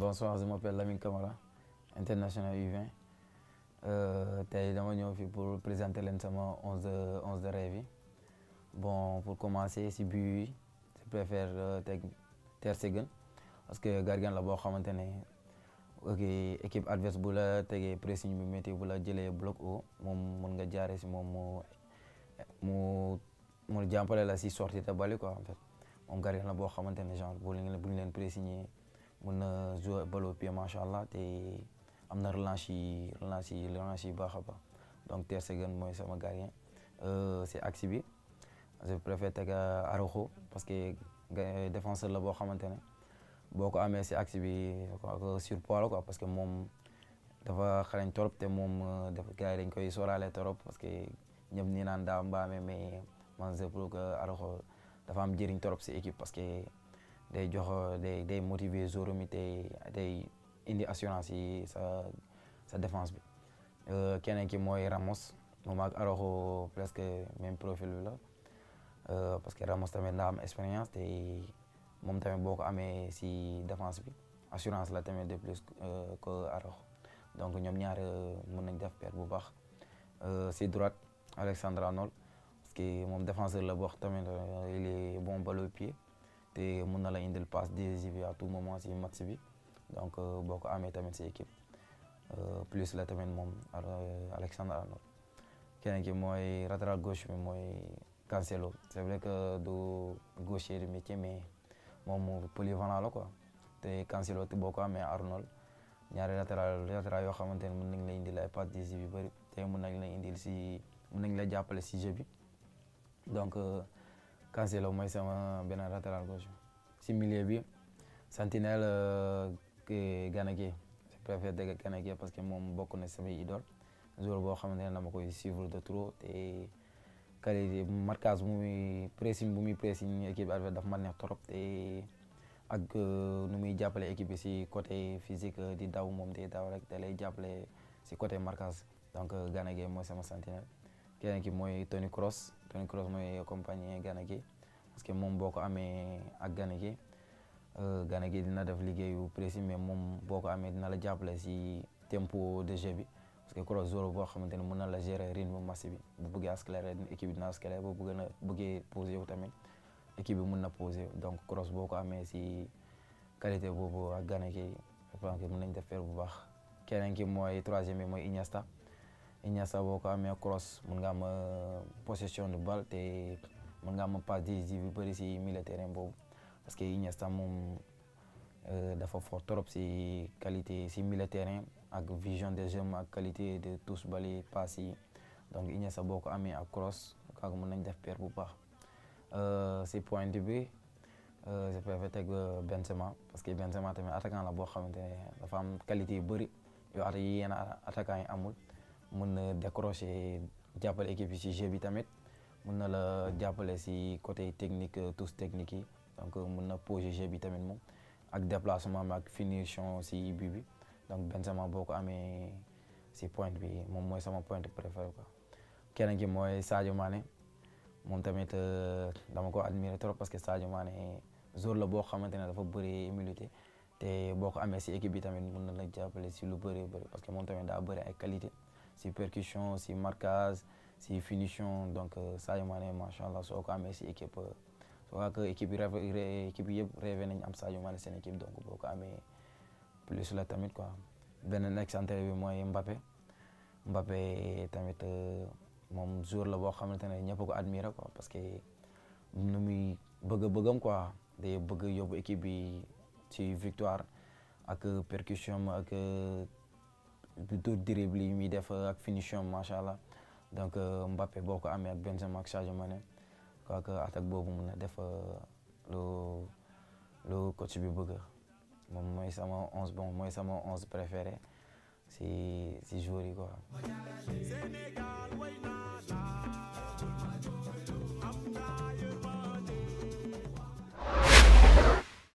Bonsoir, à je m'appelle Lamine Kamara, international U20. Euh, tey dama ñëw fii pour présenter leen sama onze de onze de rêve bon pour commencer si but yi je préfère euh, teg Ter parce que gardien la boo xamante ne ok équipe adverse bu la tegee pressing bu métti bu la jëlee bloc haut moom mon nga jaaree si moom mu mu mu jàmpale la si sortie te bali quoi en fait moom gardien la boo xamante ne genre bu ñu leen bu ñu leen mën na jouer ballon pied macha allah te am na relance yi relance yi relance baax a baax donc Ter Stegen mooy sama gardien euh, si axe bi je préfère teg Araujo parce que défenseur la boo xamante ne boo ko amee si axe bi surpoids la quoi parce que moom dafa xarañ trop te moom euh, dafa gars koy sóoraale trop parce que ñëpp nii naan daa mbaame mais man je trouve que dafa am jëriñ trop si équipe parce que. day jox day day motiver joueur mi tey day indi assurance yi sa sa défense bi euh, keneen ki mooy Ramos moom ak Araujo presque même profil bi la euh, parce que Ramos tamit daa am expérience te moom tamit boo ko amee si défense bi assurance la tamit de plus que euh, Araujo donc ñoom ñaar mën nañ def paire bu baax si droite Alexandre Arnold parce que moom défenseur la boo xam tamit il est bon balle au pied té mën la indil passe décisive à tout moment si match bi donc euh, boko amé tamit si équipe euh, plus la tamit mom euh, Alexandre Arnold keneen ki mooy latéral gauche mais mooy Cancelo c'est vrai que du gaucher de métier mais mom polyvalent la quoi té Cancelo té boko amé Arnold ñaari latéral latéral yo xamante mën nañ la indil ay passe décisive bari té mën nañ la indil si mën nañ la jappalé si jeu bi donc Cancelo mooy sama benn latéral gauche si milieu bi sentinelle euh, Gana Gueye je préfère dégg Gana Gueye parce que moom bokk na samay idole joueur boo xamante ne na dama koy suivre de trop te qualité marquage bu muy pressing bu muy pressing équipe adverse daf ma neex trop te ak euh, nu muy jàppale équipe bi si côté physique di daw moom te daw rek da lay jàppale si côté marquage donc euh, Gana Gueye mooy sama sentinelle keneen ki mooy Tony Cross Tony Cross mooy accompagner Gana Gueye parce que moom boo ko amee ak Gana Gueye euh, Gana Gueye dina def liggéeyu précis mais moom boo ko amee dina la jàppale si tempo de jeu bi parce que Cross joueur boo xamante ne mën na la gérer rythme match bi bu bëggee accélérer équipe bi dina accélérer bu bëgg na bëggee posé wu tamit équipe bi mën na posé donc Cross boo ko amee si qualité boobu ak Gana Gueye je pense que def faire bu baax keneen ki mooy troisième bi mooy Iniesta Iñasa boo ko amee cross mun nga am possession de balle te mun nga am passe décisive yu bëri si milieu terrain boobu parce que Iñasa moom eh, dafa fort trop si qualité si milieu terrain ak vision des jeux ak qualité de tous bali passe yi donc Iñasa boo ko amee ak cross kooku mun nañ def per bu baax eh, si point de bi je préfère teg Benzema parce que Benzema tamit attaquant la boo xamante ne dafa am qualité yu bëri yoo at yéen attaquant yi amul. mën na décrocher jàppale équipe bi si jeu tamit mën na la jàppale si côté technique euh, tous technique yi donc euh, mun na poser jeu bi tamit moom ak déplacement bi ak finition si but bi donc Benzema boo ko amee si point bi moom mooy sama point préféré ko keneen ki mooy Sadio maane moom tamit euh, dama ko admirer trop parce que Sadio Mané jour la boo xamante ne dafa bëri humilité te boo ko amee si équipe bi tamit mun na la jàppale si lu bëri bëri parce que moom tamit daa bëri ay qualité si percussion si marquage si finition donc Sadio Mané macha allah soo ko amee équipe soo ko ak équipe équipe yëpp rêvé nañ am Sadio Mané seen équipe donc boo ko plus la tamit quoi beneen next entraîneur bi Mbappé Mbappé tamit euh, moom le la comme xamante ne ñëpp ko admire quoi parce que nu muy bëgg bëggam quoi day bëgg yobu équipe bi ci victoire ak percussion ak. Euh, plutôt dribble yi muy def ak finition macha allah donc euh, mbappe boo ko amee ak Benzema ak Sadio Mané quoi que attaque boobu mun na def euh, lu lu coach bi bëgg moom mooy sama onze bon mooy sama onze préféré si si joueur